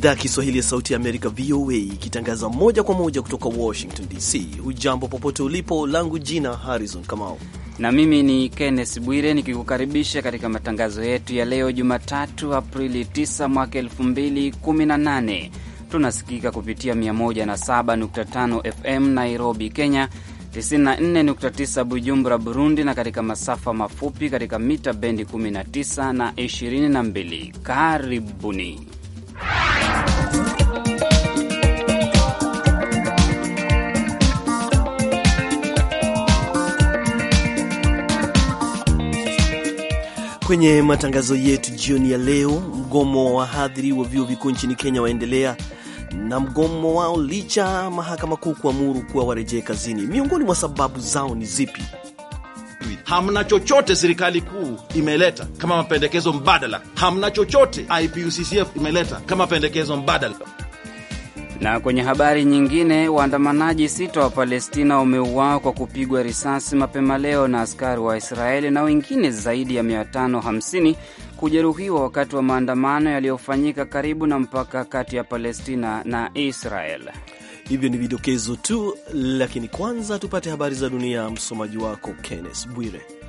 idhaa ya Kiswahili ya Sauti ya Amerika, VOA, ikitangaza moja kwa moja kutoka Washington DC. Hujambo popote ulipo, langu jina Harrison Kamau na mimi ni Kenneth Bwire nikikukaribisha katika matangazo yetu ya leo Jumatatu, Aprili 9 mwaka 2018. Tunasikika kupitia 107.5 FM Nairobi, Kenya, 94.9 Bujumbura, Burundi, na katika masafa mafupi katika mita bendi 19 na 22. Karibuni Kwenye matangazo yetu jioni ya leo, mgomo wa wahadhiri wa vyuo vikuu nchini Kenya waendelea na mgomo wao licha mahakama kuu kuamuru kuwa warejee kazini. Miongoni mwa sababu zao ni zipi? Hamna chochote serikali kuu imeleta kama mapendekezo mbadala. Hamna chochote IPUCCF imeleta kama mapendekezo mbadala. Na kwenye habari nyingine, waandamanaji sita wa Palestina wameuawa kwa kupigwa risasi mapema leo na askari wa Israeli na wengine zaidi ya 550 kujeruhiwa wakati wa maandamano yaliyofanyika karibu na mpaka kati ya Palestina na Israel. Hivyo ni vidokezo tu, lakini kwanza tupate habari za dunia. Msomaji wako Kenneth Bwire.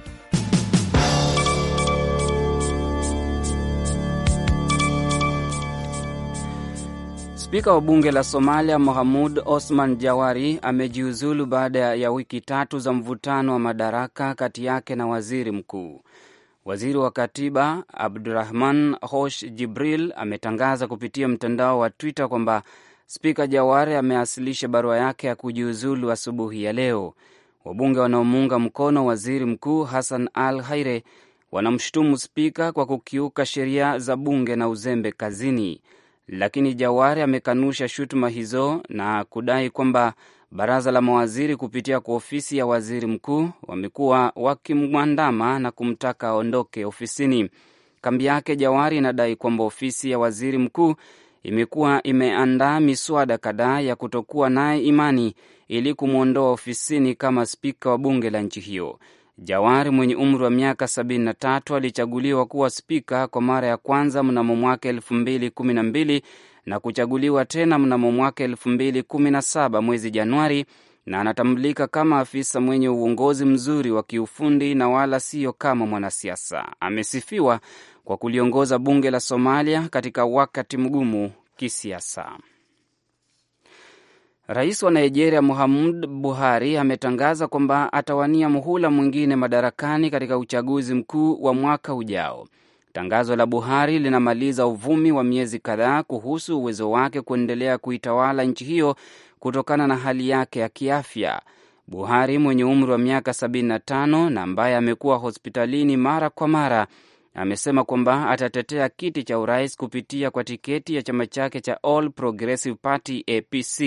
Spika wa bunge la Somalia Mohamud Osman Jawari amejiuzulu baada ya wiki tatu za mvutano wa madaraka kati yake na waziri mkuu. Waziri wa katiba Abdurahman Hosh Jibril ametangaza kupitia mtandao wa Twitter kwamba spika Jawari amewasilisha barua yake ya kujiuzulu asubuhi ya leo. Wabunge wanaomuunga mkono waziri mkuu Hassan Al Haire wanamshutumu spika kwa kukiuka sheria za bunge na uzembe kazini lakini Jawari amekanusha shutuma hizo na kudai kwamba baraza la mawaziri kupitia kwa ofisi ya waziri mkuu wamekuwa wakimwandama na kumtaka aondoke ofisini. Kambi yake Jawari inadai kwamba ofisi ya waziri mkuu imekuwa imeandaa miswada kadhaa ya kutokuwa naye imani ili kumwondoa ofisini kama spika wa bunge la nchi hiyo. Jawari mwenye umri wa miaka 73 alichaguliwa kuwa spika kwa mara ya kwanza mnamo mwaka 2012 na kuchaguliwa tena mnamo mwaka 2017 mwezi Januari, na anatambulika kama afisa mwenye uongozi mzuri wa kiufundi na wala siyo kama mwanasiasa. Amesifiwa kwa kuliongoza bunge la Somalia katika wakati mgumu kisiasa. Rais wa Nigeria Muhammadu Buhari ametangaza kwamba atawania muhula mwingine madarakani katika uchaguzi mkuu wa mwaka ujao. Tangazo la Buhari linamaliza uvumi wa miezi kadhaa kuhusu uwezo wake kuendelea kuitawala nchi hiyo kutokana na hali yake ya kiafya. Buhari mwenye umri wa miaka 75 na ambaye amekuwa hospitalini mara kwa mara amesema kwamba atatetea kiti cha urais kupitia kwa tiketi ya chama chake cha All Progressive Party APC.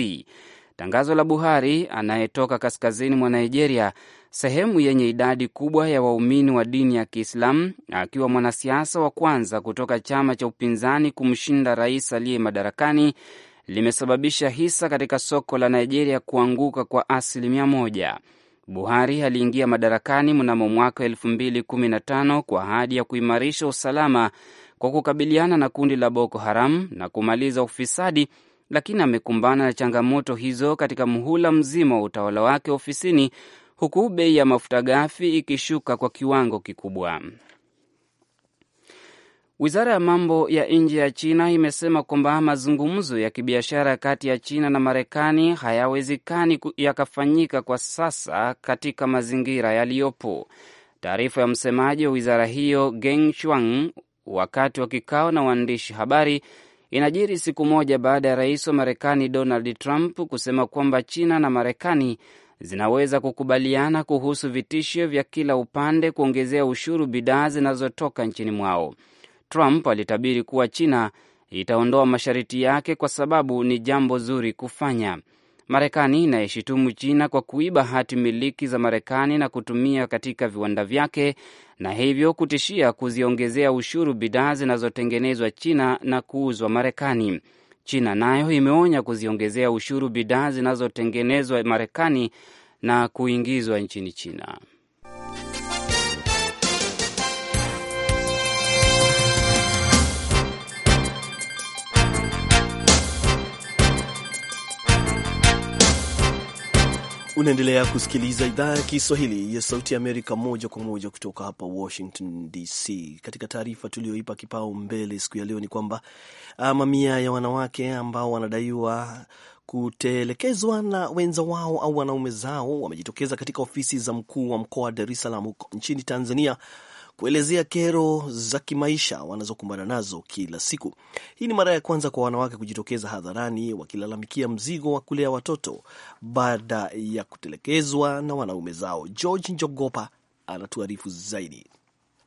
Tangazo la Buhari anayetoka kaskazini mwa Nigeria, sehemu yenye idadi kubwa ya waumini wa dini ya Kiislamu, akiwa mwanasiasa wa kwanza kutoka chama cha upinzani kumshinda rais aliye madarakani, limesababisha hisa katika soko la Nigeria kuanguka kwa asilimia moja. Buhari aliingia madarakani mnamo mwaka 2015 kwa ahadi ya kuimarisha usalama kwa kukabiliana na kundi la Boko Haram na kumaliza ufisadi lakini amekumbana na changamoto hizo katika muhula mzima wa utawala wake ofisini, huku bei ya mafuta ghafi ikishuka kwa kiwango kikubwa. Wizara ya mambo ya nje ya China imesema kwamba mazungumzo ya kibiashara kati ya China na Marekani hayawezekani yakafanyika kwa sasa katika mazingira yaliyopo. Taarifa ya msemaji wa wizara hiyo Geng Shuang wakati wa kikao na waandishi habari inajiri siku moja baada ya rais wa Marekani Donald Trump kusema kwamba China na Marekani zinaweza kukubaliana kuhusu vitisho vya kila upande kuongezea ushuru bidhaa zinazotoka nchini mwao. Trump alitabiri kuwa China itaondoa masharti yake kwa sababu ni jambo zuri kufanya. Marekani inayeshitumu China kwa kuiba hati miliki za Marekani na kutumia katika viwanda vyake na hivyo kutishia kuziongezea ushuru bidhaa zinazotengenezwa China na kuuzwa Marekani. China nayo imeonya kuziongezea ushuru bidhaa zinazotengenezwa Marekani na kuingizwa nchini China. Unaendelea kusikiliza idhaa ya Kiswahili ya Sauti ya Amerika moja kwa moja kutoka hapa Washington DC. Katika taarifa tuliyoipa kipao mbele siku ya leo ni kwamba ah, mamia ya wanawake ambao wanadaiwa kutelekezwa na wenza wao au wanaume zao wamejitokeza katika ofisi za mkuu wa mkoa wa Dar es Salaam huko nchini Tanzania kuelezea kero za kimaisha wanazokumbana nazo kila siku. Hii ni mara ya kwanza kwa wanawake kujitokeza hadharani wakilalamikia mzigo wa kulea watoto baada ya kutelekezwa na wanaume zao. George Njogopa anatuarifu zaidi.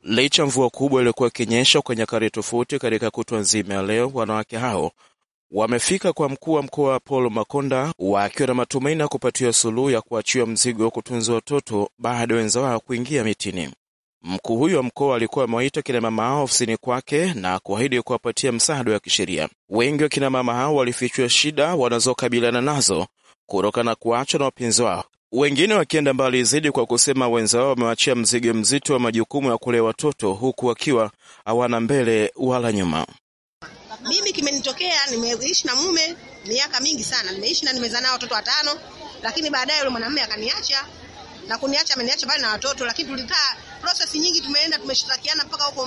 Licha mvua kubwa iliyokuwa ikinyesha kwenye nyakati tofauti katika kutwa nzima ya leo, wanawake hao wamefika kwa mkuu wa mkoa Paul Makonda wakiwa na matumaini ya kupatiwa suluhu ya kuachiwa mzigo wa kutunza watoto baada ya wenza wao kuingia mitini. Mkuu huyo wa mkoa alikuwa amewaita kinamama hao ofisini kwake na kuahidi kuwapatia msaada wa kisheria. Wengi wa kinamama hao walifichua shida wanazokabiliana nazo kutokana na kuachwa na wapenzi wao, wengine wakienda mbali zaidi kwa kusema wao wamewachia mzigo mzito wa majukumu ya kulea watoto huku wakiwa hawana mbele wala nyuma. Mimi kimenitokea, nimeishi na mume miaka mingi sana, nimeishi na nimezaa nao watoto watano, lakini baadaye yule mwanamume akaniacha na kuniacha, ameniacha mbali na watoto, lakini tulikaa process nyingi tumeenda tumeshirikiana mpaka huko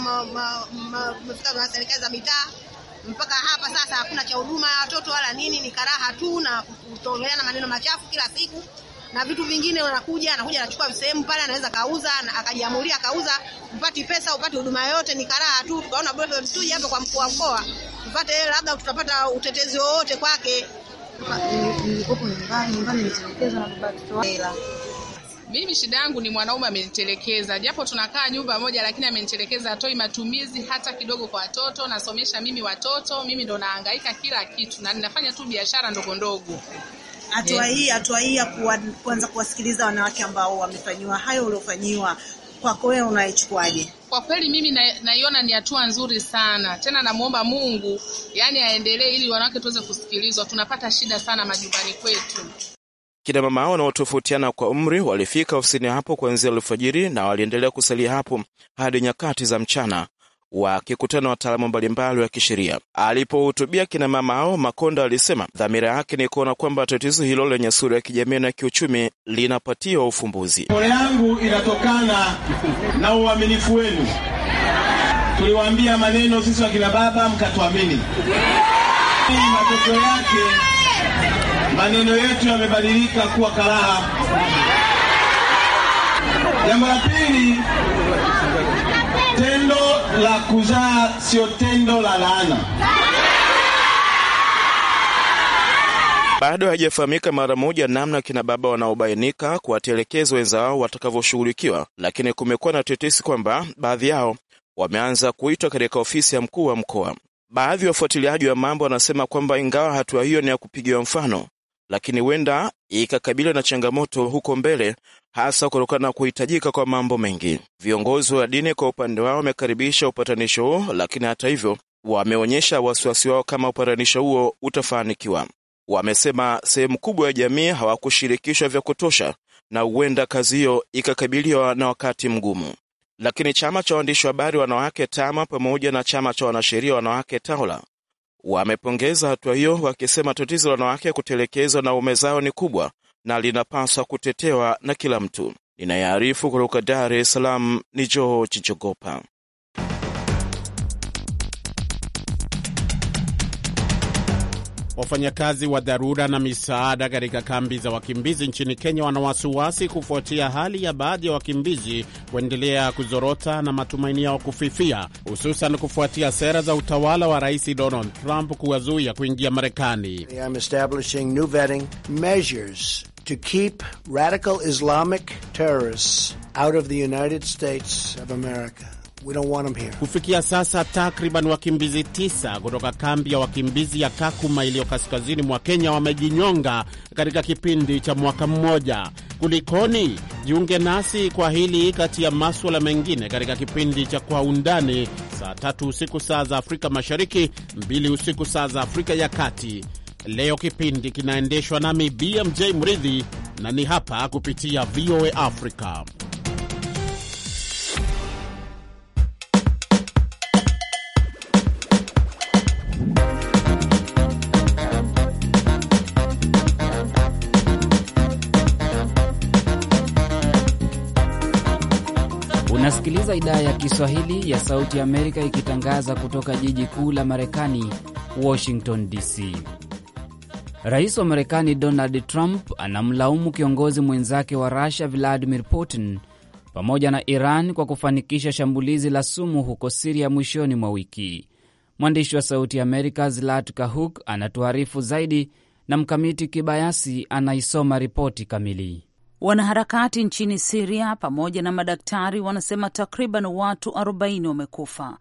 tumefika na serikali za mitaa mpaka hapa sasa, hakuna cha huduma ya watoto wala nini, ni karaha tu na na maneno machafu kila siku na vitu vingine. wanakuja anakuja anachukua sehemu pale, anaweza kauza na akajiamulia kauza, upati pesa upati huduma yoyote, ni karaha tu. Tukaona bora tu hapa kwa mkuu wa mkoa tupate, labda tutapata utetezi wowote kwake. Nyumbani nyumbani, na watoto wangu mimi shida yangu ni mwanaume amenitelekeza, japo tunakaa nyumba moja, lakini amenitelekeza, atoi matumizi hata kidogo kwa watoto. Nasomesha mimi watoto, mimi ndo naangaika kila kitu, na ninafanya tu biashara ndogo ndogo. Hatua hii hatua hii ya kuanza kuwasikiliza wanawake ambao wamefanyiwa hayo uliofanyiwa, kwako wewe unaichukuaje? Kwa kweli mimi naiona ni hatua nzuri sana tena, namwomba Mungu yani aendelee, ili wanawake tuweze kusikilizwa. Tunapata shida sana majumbani kwetu. Kina mama hao wanaotofautiana kwa umri walifika ofisini hapo kuanzia alfajiri na waliendelea kusalia hapo hadi nyakati za mchana wakikutana wataalamu mbalimbali wa kisheria. Alipohutubia kina mama hao, Makonda alisema dhamira yake ni kuona kwamba tatizo hilo lenye sura ya kijamii na kiuchumi linapatiwa ufumbuzi. Pole yangu inatokana na uaminifu wenu. Tuliwaambia maneno sisi wakina baba, mkatuamini. Matokeo yake maneno yetu yamebadilika kuwa karaha. Jambo la pili, tendo la kuzaa sio tendo la laana. Bado haijafahamika mara moja namna kina baba wanaobainika kuwatelekeza wao watakavyoshughulikiwa, lakini kumekuwa na tetesi kwamba baadhi yao wameanza kuitwa katika ofisi ya mkuu wa mkoa. Baadhi ya wafuatiliaji wa mambo wanasema kwamba ingawa hatua hiyo ni ya kupigiwa mfano, lakini huenda ikakabiliwa na changamoto huko mbele, hasa kutokana na kuhitajika kwa mambo mengi. Viongozi wa dini kwa upande wao wamekaribisha upatanisho huo, lakini hata hivyo wameonyesha wasiwasi wao kama upatanisho huo utafanikiwa. Wamesema sehemu kubwa ya jamii hawakushirikishwa vya kutosha na huenda kazi hiyo ikakabiliwa na wakati mgumu. Lakini chama cha waandishi wa habari wanawake tama pamoja na chama cha wanasheria wanawake TAWLA Wamepongeza hatua hiyo, wakisema tatizo la wanawake kutelekezwa na ume zao ni kubwa na linapaswa kutetewa na kila mtu. Ninayearifu kutoka Dar es Salaam ni joo Chichogopa. Wafanyakazi wa dharura na misaada katika kambi za wakimbizi nchini Kenya wana wasiwasi kufuatia hali ya baadhi ya wakimbizi kuendelea kuzorota na matumaini yao kufifia, hususan kufuatia sera za utawala wa Rais Donald Trump kuwazuia kuingia Marekani. To keep radical Islamic terrorists out of the United States of America. We don't want them here. Kufikia sasa takriban wakimbizi tisa kutoka kambi ya wakimbizi ya Kakuma iliyo kaskazini mwa Kenya wamejinyonga katika kipindi cha mwaka mmoja. Kulikoni? Jiunge nasi kwa hili kati ya maswala mengine katika kipindi cha Kwa Undani saa tatu usiku saa za Afrika Mashariki, mbili usiku saa za Afrika ya Kati. Leo kipindi kinaendeshwa nami BMJ Mridhi na ni hapa kupitia VOA Africa. Unasikiliza idhaa ya Kiswahili ya Sauti ya Amerika ikitangaza kutoka jiji kuu la Marekani, Washington DC. Rais wa Marekani Donald Trump anamlaumu kiongozi mwenzake wa Rusia Vladimir Putin pamoja na Iran kwa kufanikisha shambulizi la sumu huko Siria mwishoni mwa wiki. Mwandishi wa Sauti ya Amerika Zlat Kahuk anatuarifu zaidi na Mkamiti Kibayasi anaisoma ripoti kamili. Wanaharakati nchini Siria pamoja na madaktari wanasema takriban watu 40 wamekufa.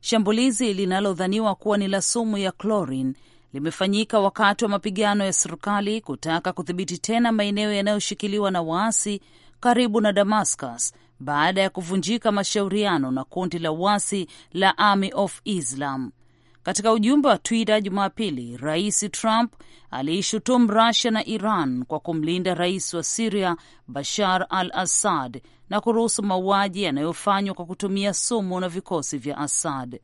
Shambulizi linalodhaniwa kuwa ni la sumu ya klorin limefanyika wakati wa mapigano ya serikali kutaka kudhibiti tena maeneo yanayoshikiliwa na waasi karibu na Damascus baada ya kuvunjika mashauriano na kundi la uasi la Army of Islam. Katika ujumbe wa Twitter Jumapili, Rais Trump aliishutumu Rusia na Iran kwa kumlinda rais wa Siria Bashar al Assad na kuruhusu mauaji yanayofanywa kwa kutumia sumu na vikosi vya Assad.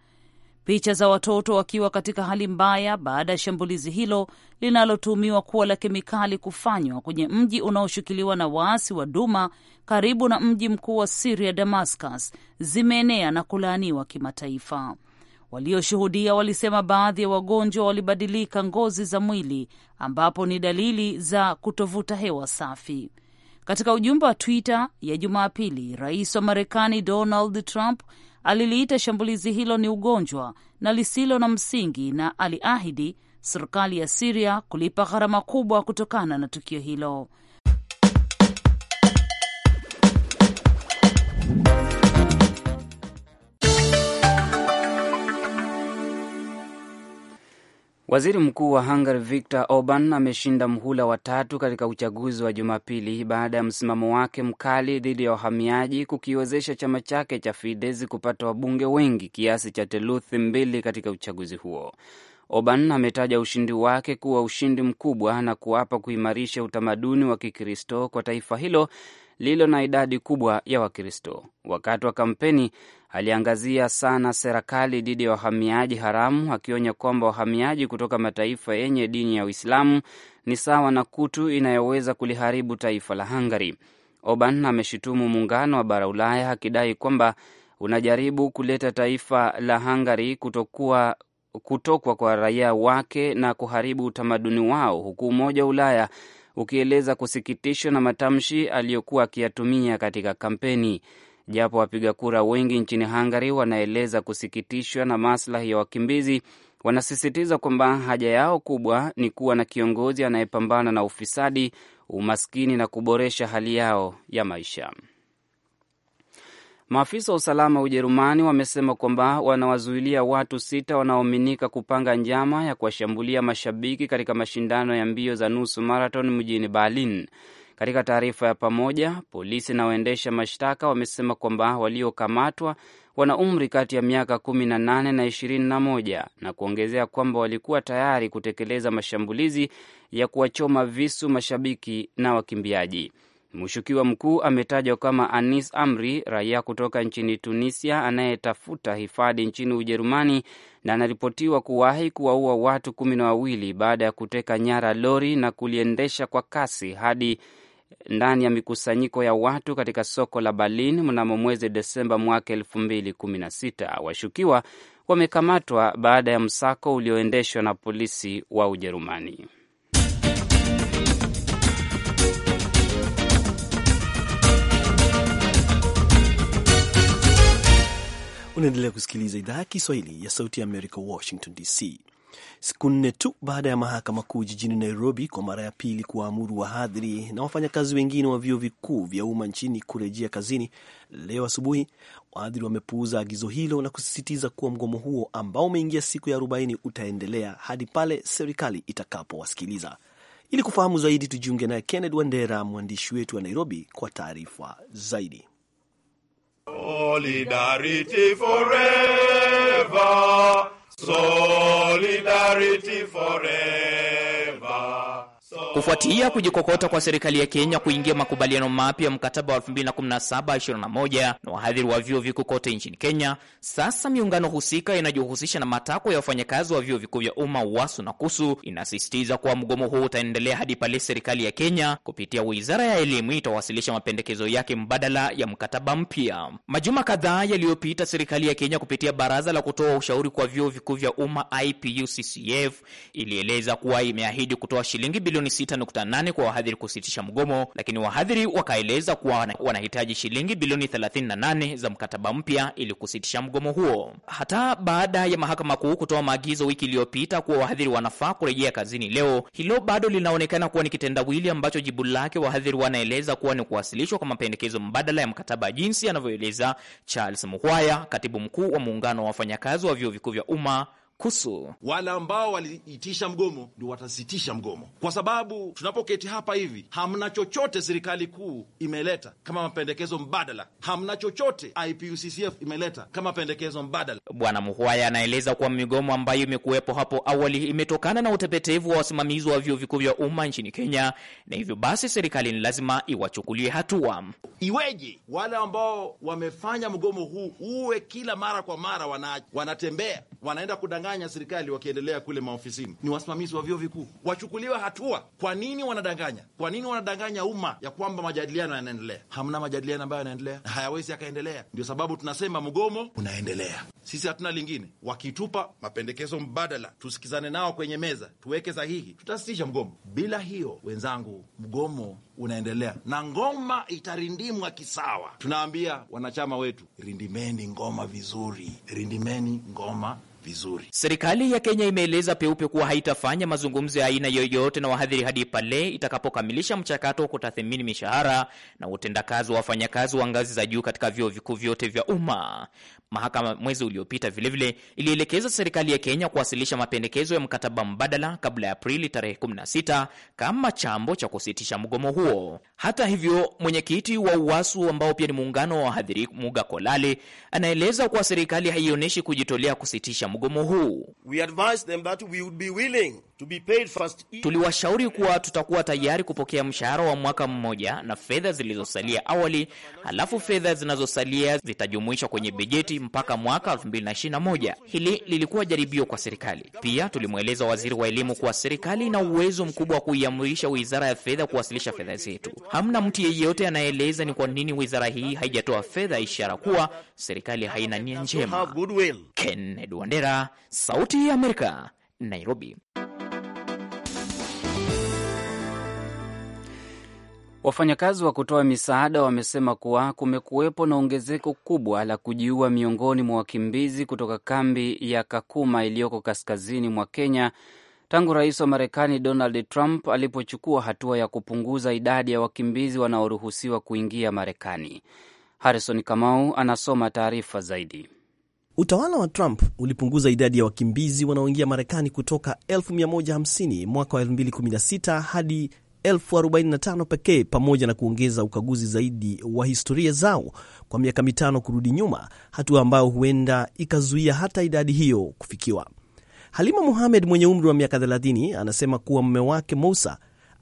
Picha za watoto wakiwa katika hali mbaya baada ya shambulizi hilo linalotumiwa kuwa la kemikali kufanywa kwenye mji unaoshikiliwa na waasi wa Duma karibu na mji mkuu wa Siria Damascus zimeenea na kulaaniwa kimataifa. Walioshuhudia walisema baadhi ya wagonjwa walibadilika ngozi za mwili, ambapo ni dalili za kutovuta hewa safi. Katika ujumbe wa Twitter ya Jumapili, rais wa Marekani Donald Trump aliliita shambulizi hilo ni ugonjwa na lisilo na msingi na aliahidi serikali ya Siria kulipa gharama kubwa kutokana na tukio hilo. Waziri mkuu wa Hungary Viktor Orban ameshinda mhula wa tatu katika uchaguzi wa Jumapili baada ya msimamo wake mkali dhidi ya wahamiaji kukiwezesha chama chake cha Fidesz kupata wabunge wengi kiasi cha theluthi mbili katika uchaguzi huo. Orban ametaja ushindi wake kuwa ushindi mkubwa na kuapa kuimarisha utamaduni wa Kikristo kwa taifa hilo lililo na idadi kubwa ya Wakristo. Wakati wa kampeni, aliangazia sana serikali dhidi ya wahamiaji haramu, akionya kwamba wahamiaji kutoka mataifa yenye dini ya Uislamu ni sawa na kutu inayoweza kuliharibu taifa la Hungary. Orban ameshutumu muungano wa bara Ulaya akidai kwamba unajaribu kuleta taifa la Hungary kutokuwa kutokwa kwa raia wake na kuharibu utamaduni wao, huku Umoja wa Ulaya ukieleza kusikitishwa na matamshi aliyokuwa akiyatumia katika kampeni japo wapiga kura wengi nchini Hungary wanaeleza kusikitishwa na maslahi ya wakimbizi. Wanasisitiza kwamba haja yao kubwa ni kuwa na kiongozi anayepambana na ufisadi, umaskini na kuboresha hali yao ya maisha. Maafisa wa usalama wa Ujerumani wamesema kwamba wanawazuilia watu sita wanaoaminika kupanga njama ya kuwashambulia mashabiki katika mashindano ya mbio za nusu marathon mjini Berlin. Katika taarifa ya pamoja, polisi na waendesha mashtaka wamesema kwamba waliokamatwa wana umri kati ya miaka kumi na nane na ishirini na moja na kuongezea kwamba walikuwa tayari kutekeleza mashambulizi ya kuwachoma visu mashabiki na wakimbiaji. Mshukiwa mkuu ametajwa kama Anis Amri, raia kutoka nchini Tunisia anayetafuta hifadhi nchini Ujerumani, na anaripotiwa kuwahi kuwaua watu kumi na wawili baada ya kuteka nyara lori na kuliendesha kwa kasi hadi ndani ya mikusanyiko ya watu katika soko la Berlin mnamo mwezi Desemba mwaka elfu mbili kumi na sita. Washukiwa wamekamatwa baada ya msako ulioendeshwa na polisi wa Ujerumani. Unaendelea kusikiliza idhaa ya Kiswahili ya Sauti ya Amerika, Washington DC siku nne tu baada ya mahakama kuu jijini Nairobi kwa mara ya pili kuwaamuru wahadhiri na wafanyakazi wengine wa vyuo vikuu vya umma nchini kurejea kazini leo asubuhi, wahadhiri wamepuuza agizo hilo na kusisitiza kuwa mgomo huo ambao umeingia siku ya arobaini utaendelea hadi pale serikali itakapowasikiliza. Ili kufahamu zaidi, tujiunge naye Kenneth Wandera, mwandishi wetu wa Nairobi, kwa taarifa zaidi. Solidarity forever. Solidarity forever. Kufuatia kujikokota kwa serikali ya Kenya kuingia makubaliano mapya ya mkataba wa 2017/21 na wahadhiri wa vyuo vikuu kote nchini Kenya, sasa miungano husika inajihusisha na matakwa ya wafanyakazi wa vyuo vikuu vya umma WASU na KUSU inasisitiza kuwa mgomo huu utaendelea hadi pale serikali ya Kenya kupitia wizara ya elimu itawasilisha mapendekezo yake mbadala ya mkataba mpya. Majuma kadhaa yaliyopita, serikali ya Kenya kupitia baraza la kutoa ushauri kwa vyuo vikuu vya umma IPUCCF ilieleza kuwa imeahidi kutoa shilingi bilioni 6.8 kwa wahadhiri kusitisha mgomo, lakini wahadhiri wakaeleza kuwa wanahitaji shilingi bilioni 38 za mkataba mpya ili kusitisha mgomo huo. Hata baada ya mahakama kuu kutoa maagizo wiki iliyopita kuwa wahadhiri wanafaa kurejea kazini leo, hilo bado linaonekana kuwa ni kitendawili ambacho jibu lake wahadhiri wanaeleza kuwa ni kuwasilishwa kwa mapendekezo mbadala ya mkataba, jinsi anavyoeleza Charles Muhwaya, katibu mkuu wa muungano wa wafanyakazi wa vyuo vikuu vya umma kusu. Wale ambao waliitisha mgomo ndio watasitisha mgomo, kwa sababu tunapoketi hapa hivi hamna chochote serikali kuu imeleta kama mapendekezo mbadala, hamna chochote IPUCCF imeleta kama mapendekezo mbadala. Bwana Muhwaya anaeleza kuwa migomo ambayo imekuwepo hapo awali imetokana na utepetevu wa wasimamizi wa vyuo vikuu vya umma nchini Kenya, na hivyo basi serikali ni lazima iwachukulie hatua. Iweje wale ambao wamefanya mgomo huu uwe kila mara kwa mara wana, wanatembea wanaenda kudanganya wanadanganya serikali wakiendelea kule maofisini ni wasimamizi wa vyuo vikuu, wachukuliwe hatua. Kwa nini wanadanganya? Kwa nini wanadanganya umma ya kwamba majadiliano yanaendelea? Hamna majadiliano ambayo yanaendelea na hayawezi yakaendelea. Ndio sababu tunasema mgomo unaendelea. Sisi hatuna lingine. Wakitupa mapendekezo mbadala, tusikizane nao kwenye meza, tuweke sahihi, tutasitisha mgomo. Bila hiyo, wenzangu, mgomo unaendelea na ngoma itarindimwa kisawa. Tunaambia wanachama wetu, rindimeni ngoma vizuri, rindimeni ngoma vizuri. Serikali ya Kenya imeeleza peupe kuwa haitafanya mazungumzo ya aina yoyote na wahadhiri hadi pale itakapokamilisha mchakato wa kutathmini mishahara na utendakazi wa wafanyakazi wa ngazi za juu katika vyuo vikuu vyote vya umma. Mahakama mwezi uliopita vilevile ilielekeza serikali ya Kenya kuwasilisha mapendekezo ya mkataba mbadala kabla ya Aprili tarehe 16 kama chambo cha kusitisha mgomo huo. Hata hivyo, mwenyekiti wa UWASU ambao pia ni muungano wa wahadhiri, Muga Kolale, anaeleza kuwa serikali haionyeshi kujitolea kusitisha mgomo mgomo huu. Tuliwashauri kuwa tutakuwa tayari kupokea mshahara wa mwaka mmoja na fedha zilizosalia awali, halafu fedha zinazosalia zitajumuishwa kwenye bajeti mpaka mwaka 2021. Hili lilikuwa jaribio kwa serikali. Pia tulimweleza waziri wa elimu kuwa serikali ina uwezo mkubwa wa kuiamrisha wizara ya fedha kuwasilisha fedha zetu. Hamna mtu yeyote anayeeleza ni kwa nini wizara hii haijatoa fedha, ishara kuwa serikali haina nia njema. Kennedy Wandera, Wandera, Sauti ya Amerika, Nairobi. Wafanyakazi wa kutoa misaada wamesema kuwa kumekuwepo na ongezeko kubwa la kujiua miongoni mwa wakimbizi kutoka kambi ya Kakuma iliyoko kaskazini mwa Kenya tangu rais wa Marekani Donald Trump alipochukua hatua ya kupunguza idadi ya wakimbizi wanaoruhusiwa kuingia Marekani. Harrison Kamau anasoma taarifa zaidi. Utawala wa Trump ulipunguza idadi ya wakimbizi wanaoingia Marekani kutoka 150 mwaka wa 2016 hadi 45 pekee, pamoja na kuongeza ukaguzi zaidi wa historia zao kwa miaka mitano kurudi nyuma, hatua ambayo huenda ikazuia hata idadi hiyo kufikiwa. Halima Muhamed mwenye umri wa miaka 30 anasema kuwa mume wake Musa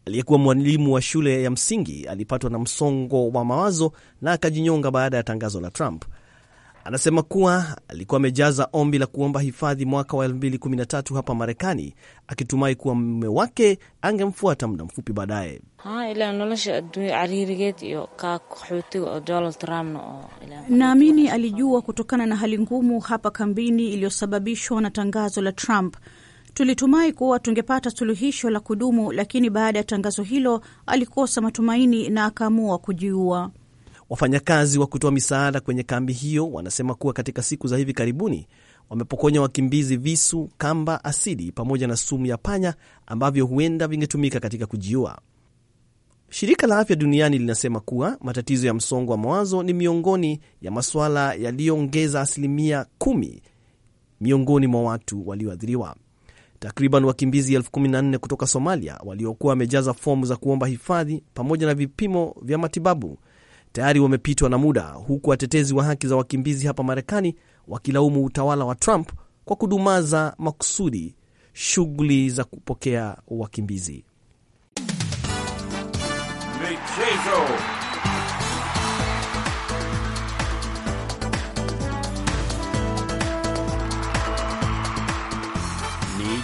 aliyekuwa mwalimu wa shule ya msingi alipatwa na msongo wa mawazo na akajinyonga baada ya tangazo la Trump. Anasema kuwa alikuwa amejaza ombi la kuomba hifadhi mwaka wa 2013 hapa Marekani, akitumai kuwa mume wake angemfuata muda mfupi baadaye. Naamini alijua kutokana na hali ngumu hapa kambini iliyosababishwa na tangazo la Trump. Tulitumai kuwa tungepata suluhisho la kudumu, lakini baada ya tangazo hilo alikosa matumaini na akaamua kujiua. Wafanyakazi wa kutoa misaada kwenye kambi hiyo wanasema kuwa katika siku za hivi karibuni wamepokonya wakimbizi visu, kamba, asidi pamoja na sumu ya panya ambavyo huenda vingetumika katika kujiua. Shirika la Afya Duniani linasema kuwa matatizo ya msongo wa mawazo ni miongoni ya masuala yaliyoongeza asilimia kumi miongoni mwa watu walioathiriwa. Takriban wakimbizi elfu kumi na nne kutoka Somalia waliokuwa wamejaza fomu za kuomba hifadhi pamoja na vipimo vya matibabu tayari wamepitwa na muda, huku watetezi wa haki za wakimbizi hapa Marekani wakilaumu utawala wa Trump kwa kudumaza makusudi shughuli za kupokea wakimbizi. Michezo.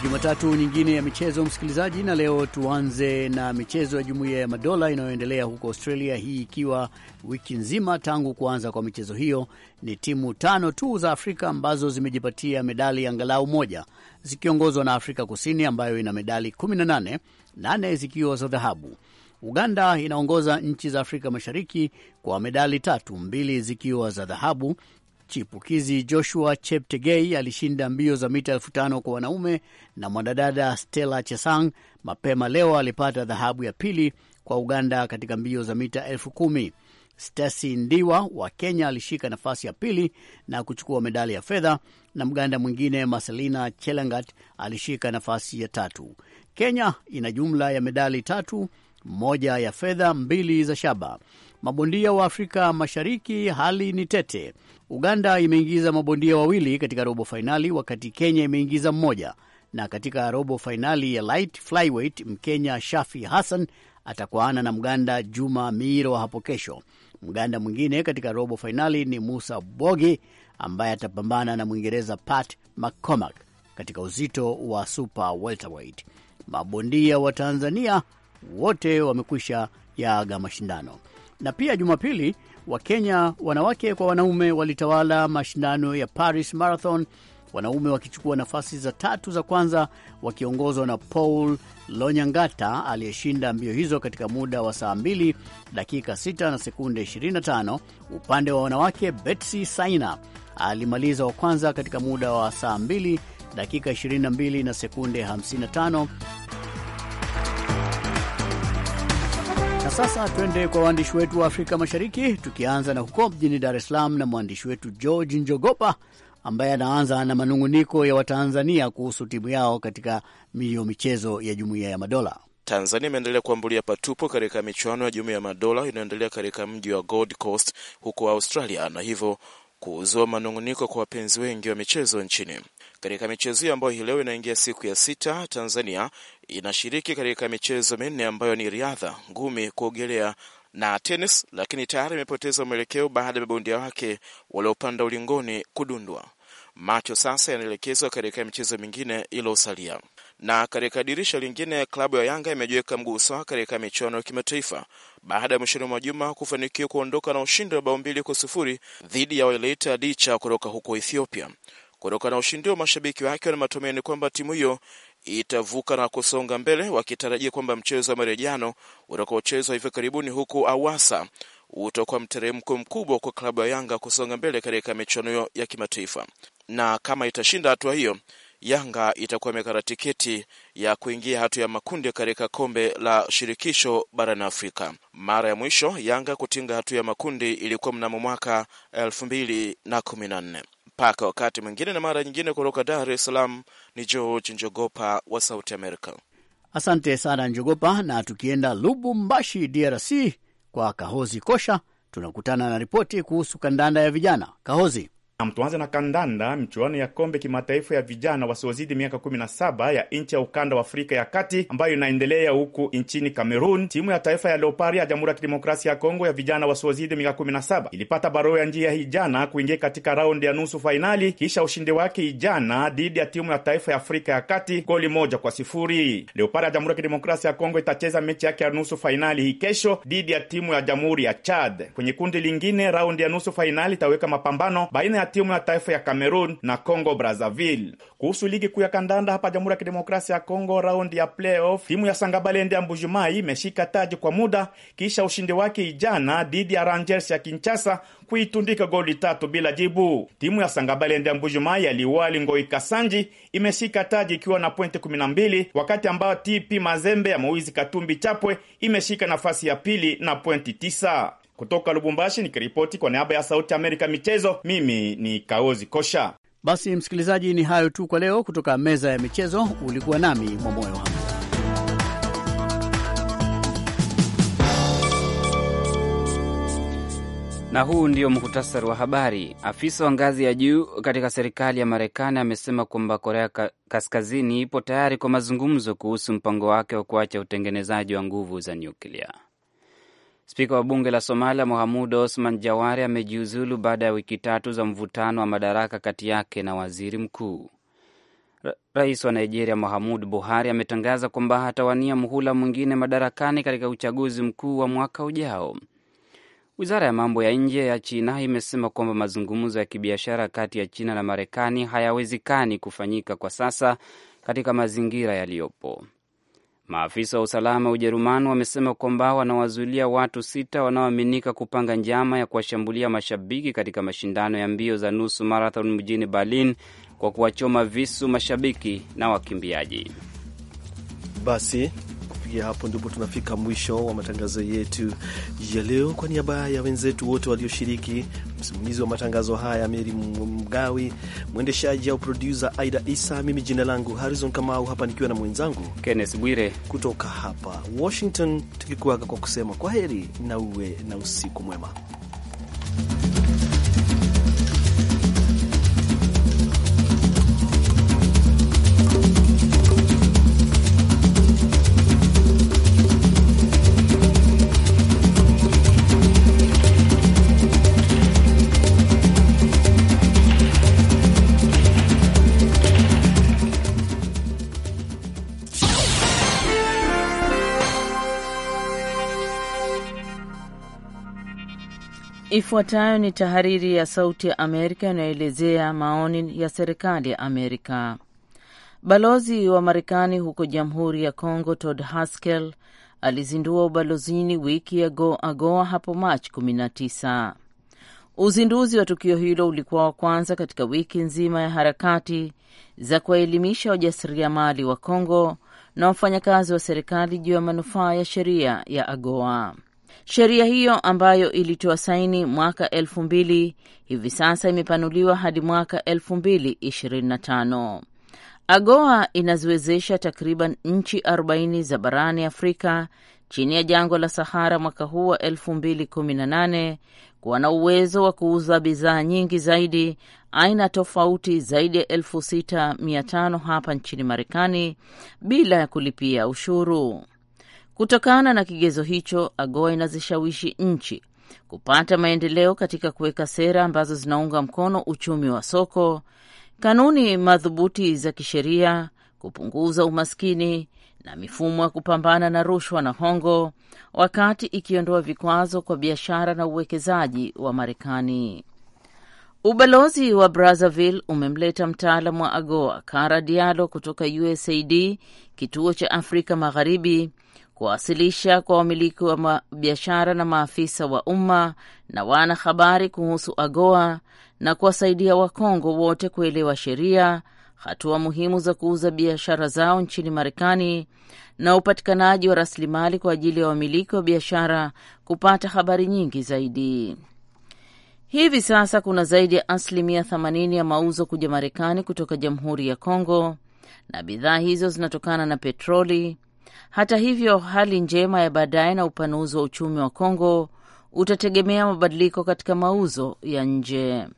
Jumatatu nyingine ya michezo, msikilizaji, na leo tuanze na michezo ya Jumuiya ya Madola inayoendelea huko Australia, hii ikiwa wiki nzima tangu kuanza kwa michezo hiyo. Ni timu tano tu za Afrika ambazo zimejipatia medali angalau moja, zikiongozwa na Afrika Kusini ambayo ina medali 18, nane zikiwa za dhahabu. Uganda inaongoza nchi za Afrika Mashariki kwa medali tatu, mbili zikiwa za dhahabu Chipukizi Joshua Cheptegei alishinda mbio za mita elfu tano kwa wanaume na mwanadada Stella Chesang mapema leo alipata dhahabu ya pili kwa Uganda katika mbio za mita elfu kumi. Stacy Ndiwa wa Kenya alishika nafasi ya pili na kuchukua medali ya fedha na Mganda mwingine marcelina Chelangat alishika nafasi ya tatu. Kenya ina jumla ya medali tatu, moja ya fedha, mbili za shaba mabondia wa Afrika Mashariki hali ni tete. Uganda imeingiza mabondia wawili katika robo fainali, wakati Kenya imeingiza mmoja. Na katika robo fainali ya light flyweight, Mkenya Shafi Hassan atakuana na Mganda Juma Miiro hapo kesho. Mganda mwingine katika robo fainali ni Musa Bogi ambaye atapambana na Mwingereza Pat McCormack katika uzito wa super welterweight. Mabondia wa Tanzania wote wamekwisha yaaga mashindano. Na pia Jumapili, Wakenya wanawake kwa wanaume walitawala mashindano ya Paris Marathon, wanaume wakichukua nafasi za tatu za kwanza wakiongozwa na Paul Lonyangata aliyeshinda mbio hizo katika muda wa saa 2 dakika 6 na sekunde 25. Upande wa wanawake, Betsy Saina alimaliza wa kwanza katika muda wa saa 2 dakika 22 na sekunde 55. sasa twende kwa waandishi wetu wa Afrika Mashariki, tukianza na huko mjini Dar es Salaam na mwandishi wetu George Njogopa ambaye anaanza na manung'uniko ya Watanzania kuhusu timu yao katika miyo michezo ya Jumuiya ya Madola. Tanzania imeendelea kuambulia patupo katika michuano ya Jumuiya ya Madola inayoendelea katika mji wa Gold Coast huko Australia, na hivyo kuzua manung'uniko kwa wapenzi wengi wa michezo nchini. Katika michezo hiyo ambayo hii leo inaingia siku ya sita, Tanzania inashiriki katika michezo minne ambayo ni riadha, ngumi, kuogelea na tenis, lakini tayari imepoteza mwelekeo baada ya mabondia wake waliopanda ulingoni kudundwa. Macho sasa yanaelekezwa katika michezo mingine iliyosalia. Na katika dirisha lingine, klabu ya Yanga imejiweka mguu sawa katika michuano ya kimataifa baada ya mwishoni mwa juma kufanikiwa kuondoka na ushindi wa bao mbili kwa sufuri dhidi ya Weleita Dicha kutoka huko Ethiopia. Kutokana na ushindi wa mashabiki wake wana matumaini kwamba timu hiyo itavuka na kusonga mbele, wakitarajia kwamba mchezo wa marejano utakaochezwa hivi karibuni huku Awasa utakuwa mteremko mkubwa kwa klabu ya Yanga kusonga mbele katika michuano ya kimataifa, na kama itashinda hatua hiyo, Yanga itakuwa imekata tiketi ya kuingia hatua ya makundi katika kombe la shirikisho barani Afrika. Mara ya mwisho Yanga kutinga hatua ya makundi ilikuwa mnamo mwaka elfu mbili na kumi na nne. Mpaka wakati mwingine na mara nyingine, kutoka Dar es Salaam ni George Njogopa wa Sauti Amerika. Asante sana Njogopa. Na tukienda Lubumbashi, DRC, kwa Kahozi Kosha, tunakutana na ripoti kuhusu kandanda ya vijana. Kahozi. Tuanze na kandanda. Michuano ya kombe kimataifa ya vijana wasiozidi miaka 17 ya nchi ya ukanda wa Afrika ya kati ambayo inaendelea huku nchini Cameroon, timu ya taifa ya Leopari ya Jamhuri ya Kidemokrasia ya Kongo ya vijana wasiozidi miaka 17 ilipata barua ya njia hii jana kuingia katika raundi ya nusu fainali kisha ushindi wake ijana dhidi ya timu ya taifa ya Afrika ya kati goli moja kwa sifuri. Leopari ya Jamhuri ya Kidemokrasia ya Kongo itacheza mechi yake ya nusu fainali hii kesho dhidi ya timu ya Jamhuri ya Chad. Kwenye kundi lingine, raundi ya nusu fainali itaweka mapambano baina ya timu ya taifa ya Cameroon na Congo Brazzaville. Kuhusu ligi kuu ya kandanda hapa Jamhuri ya Kidemokrasia ya Kongo, raundi ya playoff, timu ya Sangabalende ya mbujumai imeshika taji kwa muda kisha ushindi wake ijana dhidi ya Rangers ya Kinshasa kuitundika goli tatu bila jibu. Timu ya Sangabalende ya Mbujumai ya Ngoi Kasanji imeshika taji ikiwa na pointi 12 wakati ambayo TP Mazembe ya Moizi Katumbi Chapwe imeshika nafasi ya pili na pointi 9. Kutoka Lubumbashi nikiripoti kwa niaba ya Sauti Amerika michezo, mimi ni Kaozi Kosha. Basi msikilizaji, ni hayo tu kwa leo kutoka meza ya michezo. Ulikuwa nami Mwamoyo Hamza. Na huu ndio muhtasari wa habari. Afisa wa ngazi ya juu katika serikali ya Marekani amesema kwamba Korea Kaskazini ipo tayari kwa mazungumzo kuhusu mpango wake wa kuacha utengenezaji wa nguvu za nyuklia. Spika wa bunge la Somalia mohamud Osman Jawari amejiuzulu baada ya wiki tatu za mvutano wa madaraka kati yake na waziri mkuu. Rais wa Nigeria Muhammadu Buhari ametangaza kwamba atawania muhula mwingine madarakani katika uchaguzi mkuu wa mwaka ujao. Wizara ya mambo ya nje ya China imesema kwamba mazungumzo ya kibiashara kati ya China na Marekani hayawezekani kufanyika kwa sasa katika mazingira yaliyopo. Maafisa wa usalama wa Ujerumani wamesema kwamba wanawazuilia watu sita wanaoaminika kupanga njama ya kuwashambulia mashabiki katika mashindano ya mbio za nusu marathon mjini Berlin kwa kuwachoma visu mashabiki na wakimbiaji. Basi kufikia hapo ndipo tunafika mwisho wa matangazo yetu ya leo. Kwa niaba ya wenzetu wote walioshiriki, msimamizi wa matangazo haya Meri Mgawi, mwendeshaji au produsa Aida Isa, mimi jina langu Harrison Kamau, hapa nikiwa na mwenzangu Kenneth Bwire kutoka hapa Washington, tukikuaga kwa kusema kwa heri na uwe na usiku mwema. Ifuatayo ni tahariri ya Sauti ya Amerika inayoelezea maoni ya serikali ya Amerika. Balozi wa Marekani huko Jamhuri ya Kongo Todd Haskell alizindua ubalozini wiki ya AGOA hapo Machi 19. Uzinduzi wa tukio hilo ulikuwa wa kwanza katika wiki nzima ya harakati za kuwaelimisha wajasiriamali wa Kongo na wafanyakazi wa serikali juu ya manufaa ya sheria ya AGOA. Sheria hiyo ambayo ilitoa saini mwaka elfu mbili hivi sasa imepanuliwa hadi mwaka elfu mbili ishirini na tano. AGOA inaziwezesha takriban nchi 40 za barani Afrika chini ya jangwa la Sahara mwaka huu wa 2018 kuwa na uwezo wa kuuza bidhaa nyingi zaidi aina tofauti zaidi ya 6500 hapa nchini Marekani bila ya kulipia ushuru. Kutokana na kigezo hicho, AGOA inazishawishi nchi kupata maendeleo katika kuweka sera ambazo zinaunga mkono uchumi wa soko, kanuni madhubuti za kisheria, kupunguza umaskini na mifumo ya kupambana na rushwa na hongo, wakati ikiondoa vikwazo kwa biashara na uwekezaji wa Marekani. Ubalozi wa Brazzaville umemleta mtaalam wa AGOA Kara Diallo kutoka USAID, kituo cha Afrika Magharibi, kuwasilisha kwa wamiliki wa biashara na maafisa wa umma na wanahabari kuhusu AGOA na kuwasaidia Wakongo wote kuelewa sheria, hatua muhimu za kuuza biashara zao nchini Marekani na upatikanaji wa rasilimali kwa ajili ya wamiliki wa biashara kupata habari nyingi zaidi. Hivi sasa kuna zaidi ya asilimia 80 ya mauzo kuja Marekani kutoka Jamhuri ya Kongo, na bidhaa hizo zinatokana na petroli hata hivyo, hali njema ya baadaye na upanuzi wa uchumi wa Kongo utategemea mabadiliko katika mauzo ya nje.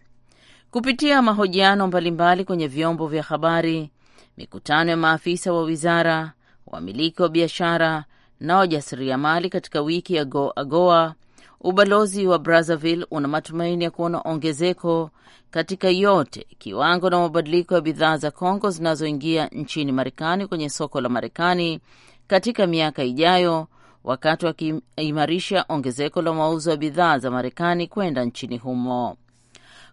Kupitia mahojiano mbalimbali kwenye vyombo vya habari, mikutano ya maafisa wa wizara, wamiliki wa biashara na wajasiriamali katika wiki ya Go Agoa, ubalozi wa Brazzaville una matumaini ya kuona ongezeko katika yote kiwango na mabadiliko ya bidhaa za Kongo zinazoingia nchini Marekani kwenye soko la Marekani katika miaka ijayo wakati wakiimarisha ongezeko la mauzo ya bidhaa za Marekani kwenda nchini humo.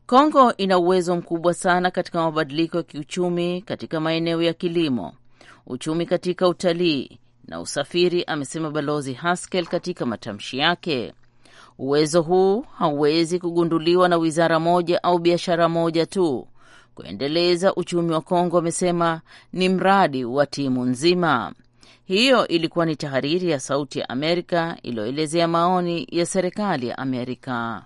Kongo ina uwezo mkubwa sana katika mabadiliko ya kiuchumi katika maeneo ya kilimo, uchumi, katika utalii na usafiri, amesema Balozi Haskell katika matamshi yake. Uwezo huu hauwezi kugunduliwa na wizara moja au biashara moja tu. Kuendeleza uchumi wa Kongo, amesema, ni mradi wa timu nzima. Hiyo ilikuwa ni tahariri ya Sauti ya Amerika iliyoelezea maoni ya serikali ya Amerika.